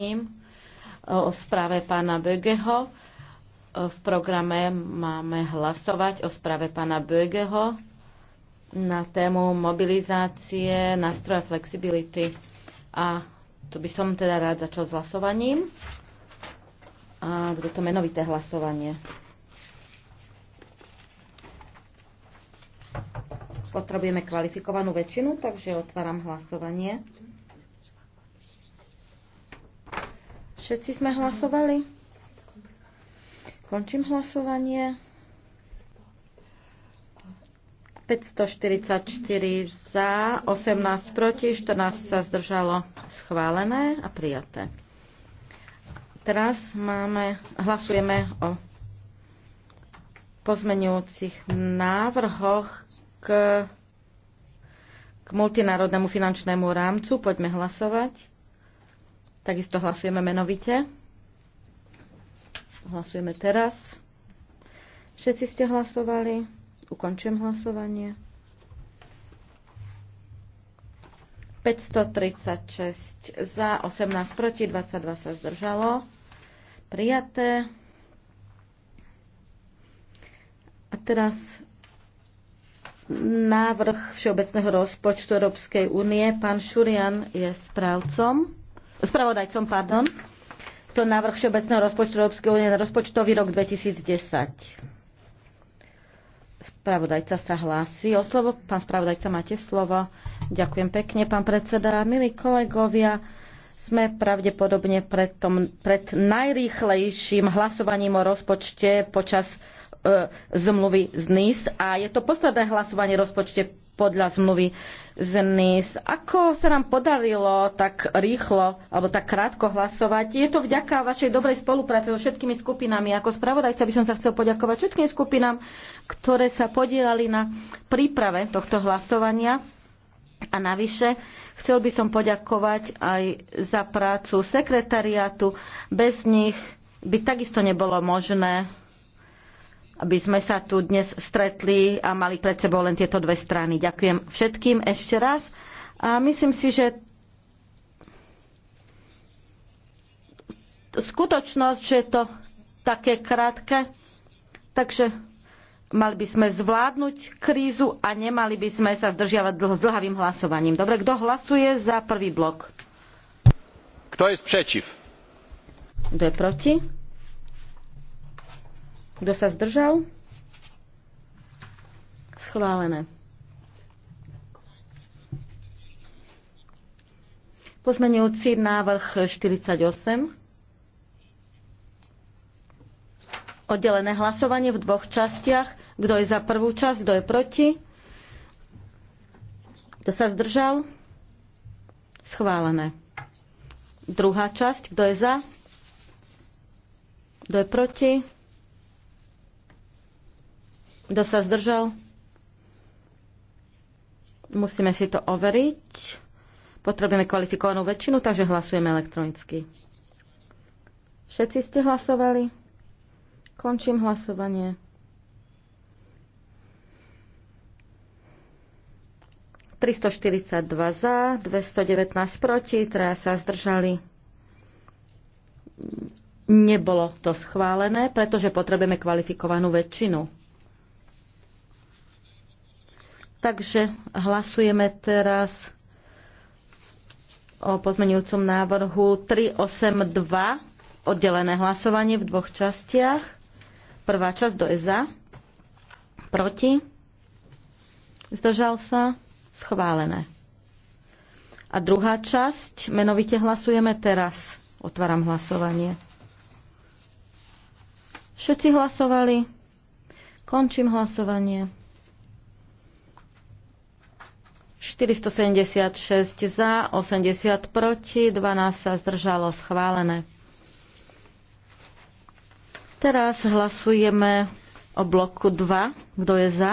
ním e, o správe pána Bögeho. E, v programe máme hlasovať o správe pána Bögeho na tému mobilizácie nástroja flexibility. A tu by som teda rád začal s hlasovaním. A bude to menovité hlasovanie. Potrebujeme kvalifikovanú väčšinu, takže otváram hlasovanie. Všetci sme hlasovali? Končím hlasovanie. 544 za, 18 proti, 14 sa zdržalo schválené a prijaté. Teraz máme, hlasujeme o pozmenujúcich návrhoch k, k multinárodnému finančnému rámcu. Poďme hlasovať. Takisto hlasujeme menovite. Hlasujeme teraz. Všetci ste hlasovali. Ukončujem hlasovanie. 536 za, 18 proti, 22 sa zdržalo. Prijaté. A teraz návrh Všeobecného rozpočtu Európskej únie. Pán Šurian je správcom spravodajcom, pardon, to návrh Všeobecného rozpočtu Európskej únie na rozpočtový rok 2010. Spravodajca sa hlási o slovo. Pán spravodajca, máte slovo. Ďakujem pekne, pán predseda. Milí kolegovia, sme pravdepodobne pred, tom, pred najrýchlejším hlasovaním o rozpočte počas e, zmluvy z NIS a je to posledné hlasovanie rozpočte podľa zmluvy z NIS. Ako sa nám podarilo tak rýchlo alebo tak krátko hlasovať? Je to vďaka vašej dobrej spolupráce so všetkými skupinami. Ako spravodajca by som sa chcel poďakovať všetkým skupinám, ktoré sa podielali na príprave tohto hlasovania. A navyše chcel by som poďakovať aj za prácu sekretariátu. Bez nich by takisto nebolo možné aby sme sa tu dnes stretli a mali pred sebou len tieto dve strany. Ďakujem všetkým ešte raz a myslím si, že skutočnosť, že je to také krátke, takže mali by sme zvládnuť krízu a nemali by sme sa zdržiavať dl- dlhavým hlasovaním. Dobre, kto hlasuje za prvý blok? Kto je proti? Kto je proti? Kto sa zdržal? Schválené. Pozmenujúci návrh 48. Oddelené hlasovanie v dvoch častiach. Kto je za prvú časť, kto je proti? Kto sa zdržal? Schválené. Druhá časť. Kto je za? Kto je proti? Kto sa zdržal? Musíme si to overiť. Potrebujeme kvalifikovanú väčšinu, takže hlasujeme elektronicky. Všetci ste hlasovali? Končím hlasovanie. 342 za, 219 proti, traja sa zdržali. Nebolo to schválené, pretože potrebujeme kvalifikovanú väčšinu. Takže hlasujeme teraz o pozmenujúcom návrhu 382, oddelené hlasovanie v dvoch častiach. Prvá časť do je za, proti, zdržal sa, schválené. A druhá časť, menovite hlasujeme teraz. Otváram hlasovanie. Všetci hlasovali. Končím hlasovanie. 476 za, 80 proti, 12 sa zdržalo schválené. Teraz hlasujeme o bloku 2. Kto je za?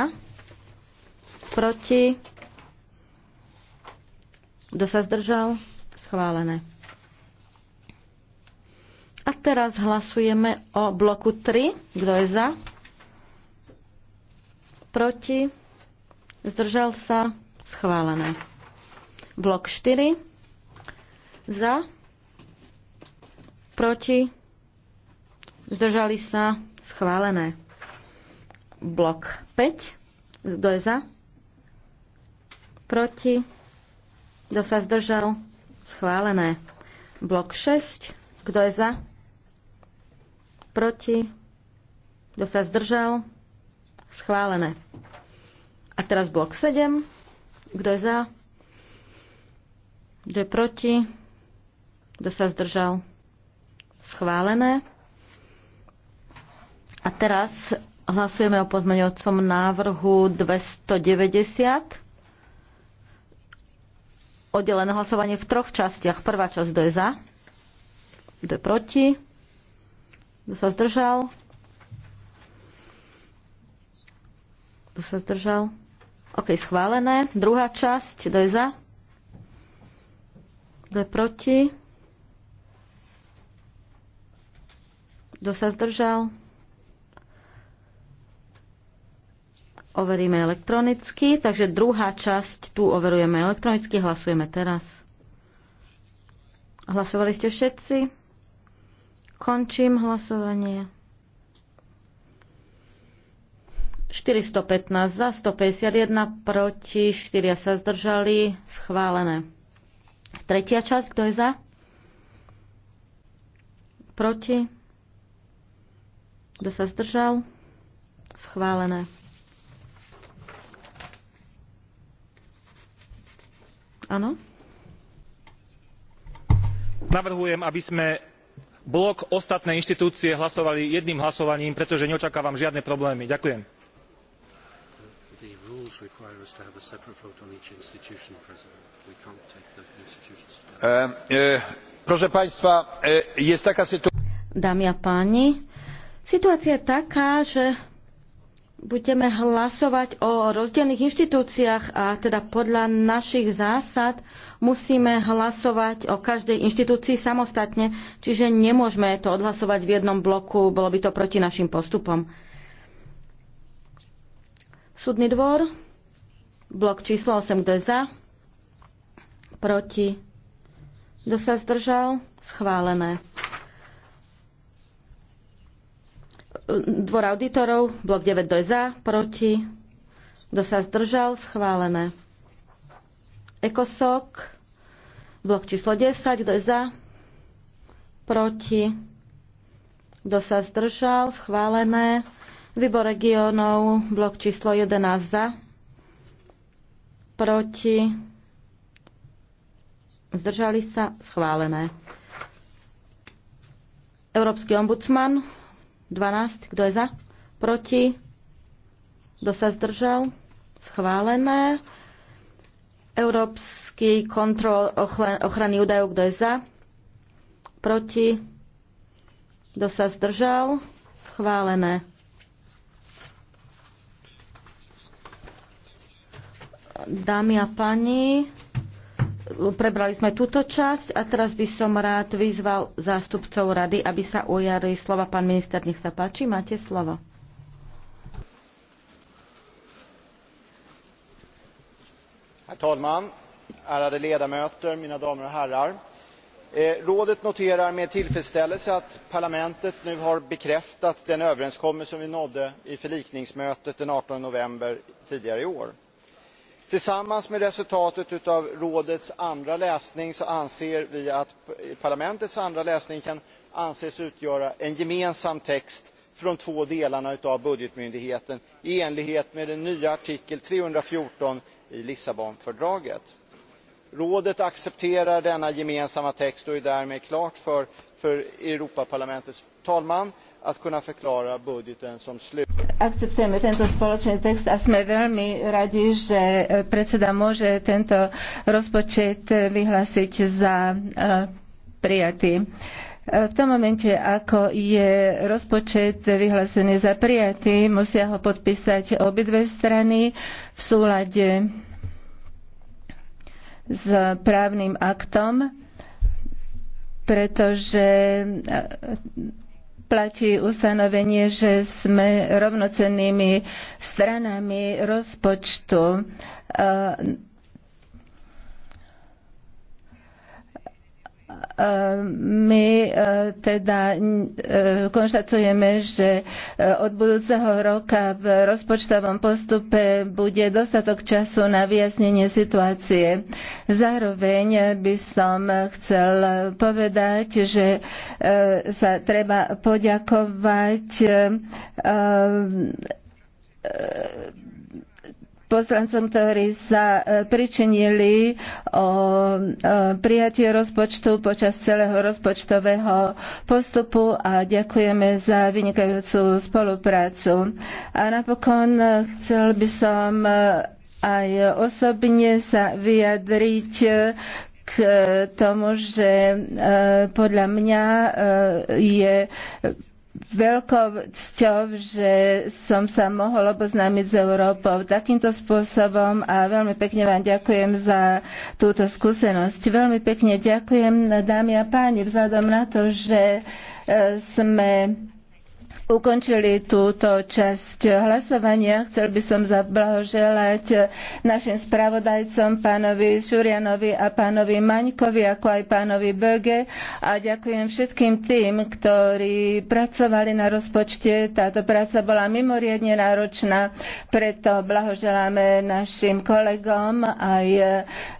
Proti? Kto sa zdržal? Schválené. A teraz hlasujeme o bloku 3. Kto je za? Proti? Zdržal sa? Schválené. Blok 4. Za. Proti. Zdržali sa. Schválené. Blok 5. Kto je za? Proti. Kto sa zdržal? Schválené. Blok 6. Kto je za? Proti. Kto sa zdržal? Schválené. A teraz blok 7. Kto je za? Kto je proti? Kto sa zdržal? Schválené. A teraz hlasujeme o pozmeňovacom návrhu 290. Oddelené hlasovanie v troch častiach. Prvá časť, kto je za? Kto je proti? Kto sa zdržal? Kto sa zdržal? OK, schválené. Druhá časť, kto je za? Kto je proti? Kto sa zdržal? Overíme elektronicky, takže druhá časť tu overujeme elektronicky, hlasujeme teraz. Hlasovali ste všetci? Končím hlasovanie. 415 za, 151 proti, 4 sa zdržali, schválené. Tretia časť, kto je za? Proti? Kto sa zdržal? Schválené. Áno? Navrhujem, aby sme blok ostatné inštitúcie hlasovali jedným hlasovaním, pretože neočakávam žiadne problémy. Ďakujem the rules require us to have a separate vote on each institution, President. We can't take the institutions together. Um, uh, proszę Państwa, e, jest taka sytuacja... Dámy a páni, situácia je taká, že budeme hlasovať o rozdielnych inštitúciách a teda podľa našich zásad musíme hlasovať o každej inštitúcii samostatne, čiže nemôžeme to odhlasovať v jednom bloku, bolo by to proti našim postupom. Súdny dvor, blok číslo 8, kto je za, proti, kto sa zdržal, schválené. Dvor auditorov, blok 9, kto je za, proti, kto sa zdržal, schválené. Ekosok, blok číslo 10, kto je za, proti, kto sa zdržal, schválené. Výbor regionov, blok číslo 11 za, proti, zdržali sa, schválené. Európsky ombudsman, 12, kto je za, proti, kto sa zdržal, schválené. Európsky kontrol ochrany údajov, kto je za, proti, kto sa zdržal, schválené. Dámy a pani, prebrali sme túto časť a teraz by som rád vyzval zástupcov rady, aby sa ujali slova. Pán minister, nech sa páči, máte slovo. Herr talman, ärade ledamöter, mina damer och herrar. Eh, rådet noterar med tillfredsställelse att parlamentet nu har bekräftat den överenskommelse som vi nådde i förlikningsmötet den 18 november tidigare i år tillsammans med resultatet av rådets andra läsning anser vi att parlamentets andra läsning kan anses utgöra en gemensam text för de två delarna av budgetmyndigheten i enlighet med den nya artikel trehundrafjorton i lissabonfördraget. rådet accepterar denna gemensamma text och är därmed klart för europaparlamentets talman att kunna förklara budgeten som slutlig akceptujeme tento spoločný text a sme veľmi radi, že e, predseda môže tento rozpočet e, vyhlásiť za e, prijatý. V tom momente, ako je rozpočet vyhlásený za prijatý, musia ho podpísať obidve strany v súlade s právnym aktom, pretože platí ustanovenie, že sme rovnocennými stranami rozpočtu my e, teda e, konštatujeme, že e, od budúceho roka v rozpočtovom postupe bude dostatok času na vyjasnenie situácie. Zároveň by som chcel povedať, že sa treba poďakovať poslancom, ktorí sa e, pričinili o e, prijatie rozpočtu počas celého rozpočtového postupu a ďakujeme za vynikajúcu spoluprácu. A napokon e, chcel by som aj osobne sa vyjadriť k tomu, že podľa mňa je veľkou cťou, že som sa mohol oboznámiť s Európou takýmto spôsobom a veľmi pekne vám ďakujem za túto skúsenosť. Veľmi pekne ďakujem, dámy a páni, vzhľadom na to, že e, sme ukončili túto časť hlasovania. Chcel by som zablahoželať našim spravodajcom, pánovi Šurianovi a pánovi Maňkovi, ako aj pánovi Böge. A ďakujem všetkým tým, ktorí pracovali na rozpočte. Táto práca bola mimoriadne náročná, preto blahoželáme našim kolegom aj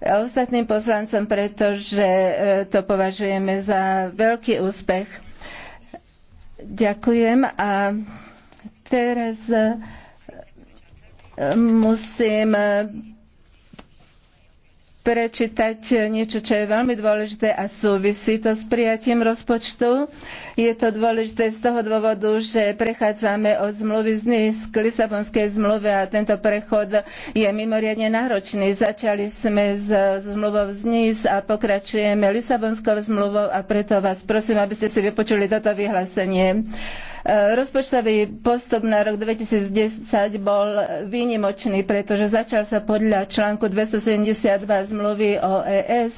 ostatným poslancom, pretože eh, to považujeme za veľký úspech. Ďakujem a teraz eh, musím eh, prečítať niečo, čo je veľmi dôležité a súvisí to s prijatím rozpočtu. Je to dôležité z toho dôvodu, že prechádzame od zmluvy z NIS k Lisabonskej zmluve a tento prechod je mimoriadne náročný. Začali sme s zmluvou z NIS a pokračujeme Lisabonskou zmluvou a preto vás prosím, aby ste si vypočuli toto vyhlásenie. Rozpočtový postup na rok 2010 bol výnimočný, pretože začal sa podľa článku 272 zmluvy o ES,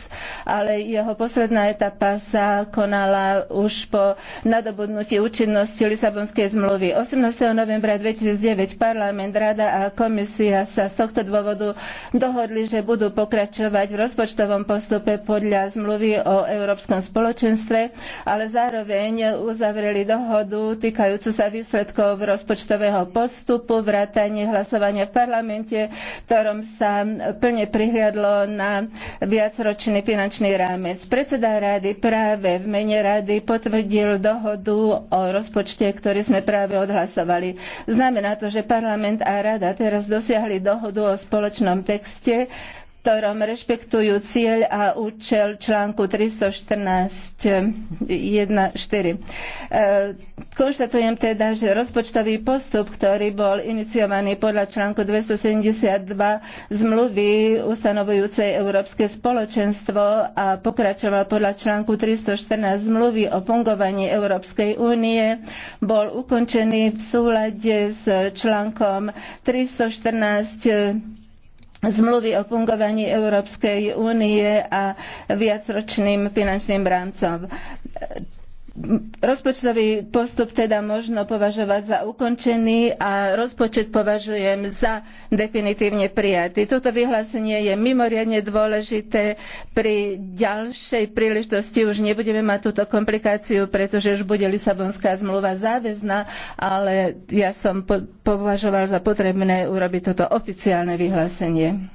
ale jeho posledná etapa sa konala už po nadobudnutí účinnosti Lisabonskej zmluvy. 18. novembra 2009 parlament, rada a komisia sa z tohto dôvodu dohodli, že budú pokračovať v rozpočtovom postupe podľa zmluvy o Európskom spoločenstve, ale zároveň uzavreli dohodu týkajúcu sa výsledkov rozpočtového postupu, vrátanie hlasovania v parlamente, ktorom sa plne prihliadlo na viacročný finančný rámec. Predseda rady práve v mene rady potvrdil dohodu o rozpočte, ktorý sme práve odhlasovali. Znamená to, že parlament a rada teraz dosiahli dohodu o spoločnom texte, ktorom rešpektujú cieľ a účel článku 314.1.4. E, konštatujem teda, že rozpočtový postup, ktorý bol iniciovaný podľa článku 272 zmluvy ustanovujúcej Európske spoločenstvo a pokračoval podľa článku 314 zmluvy o fungovaní Európskej únie, bol ukončený v súlade s článkom 314 zmluvy o fungovaní Európskej únie a viacročným finančným rámcom Rozpočtový postup teda možno považovať za ukončený a rozpočet považujem za definitívne prijatý. Toto vyhlásenie je mimoriadne dôležité. Pri ďalšej príležitosti už nebudeme mať túto komplikáciu, pretože už bude Lisabonská zmluva záväzná, ale ja som považoval za potrebné urobiť toto oficiálne vyhlásenie.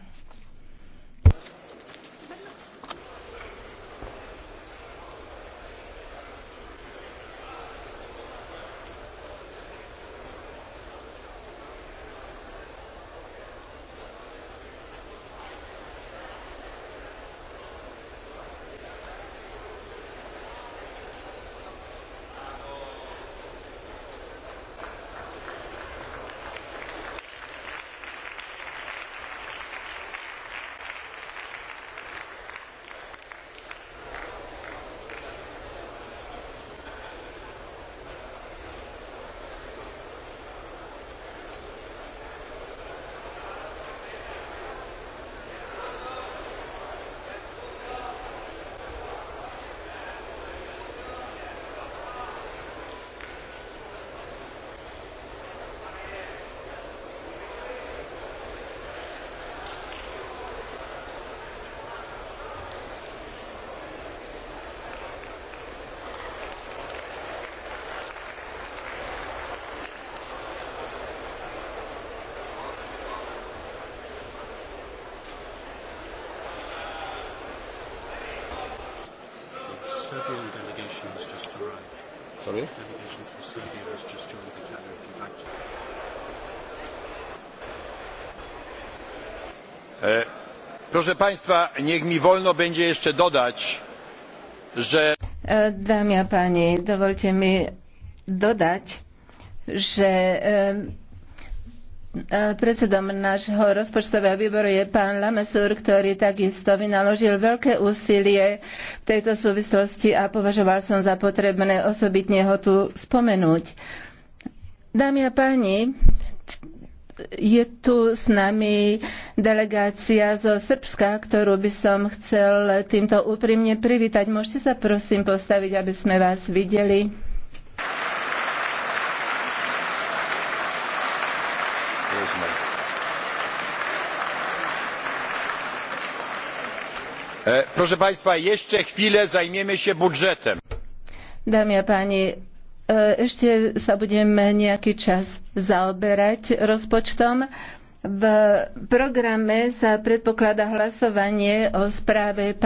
Proszę Państwa, niech mi wolno będzie jeszcze dodać, że. E, Dámy a pani, dovolte mi dodać, že e, e, predsedom nášho rozpočtového výboru je pán Lamesur, ktorý takisto vynaložil veľké úsilie v tejto súvislosti a považoval som za potrebné osobitne ho tu spomenúť. Dámy a páni, je tu s nami delegácia zo Srbska, ktorú by som chcel týmto úprimne privítať. Môžete sa prosím postaviť, aby sme vás videli. E, proszę Państwa, jeszcze chwilę zajmiemy się budżetem. Dámy a páni, E, ešte sa budeme nejaký čas zaoberať rozpočtom. V programe sa predpokladá hlasovanie o správe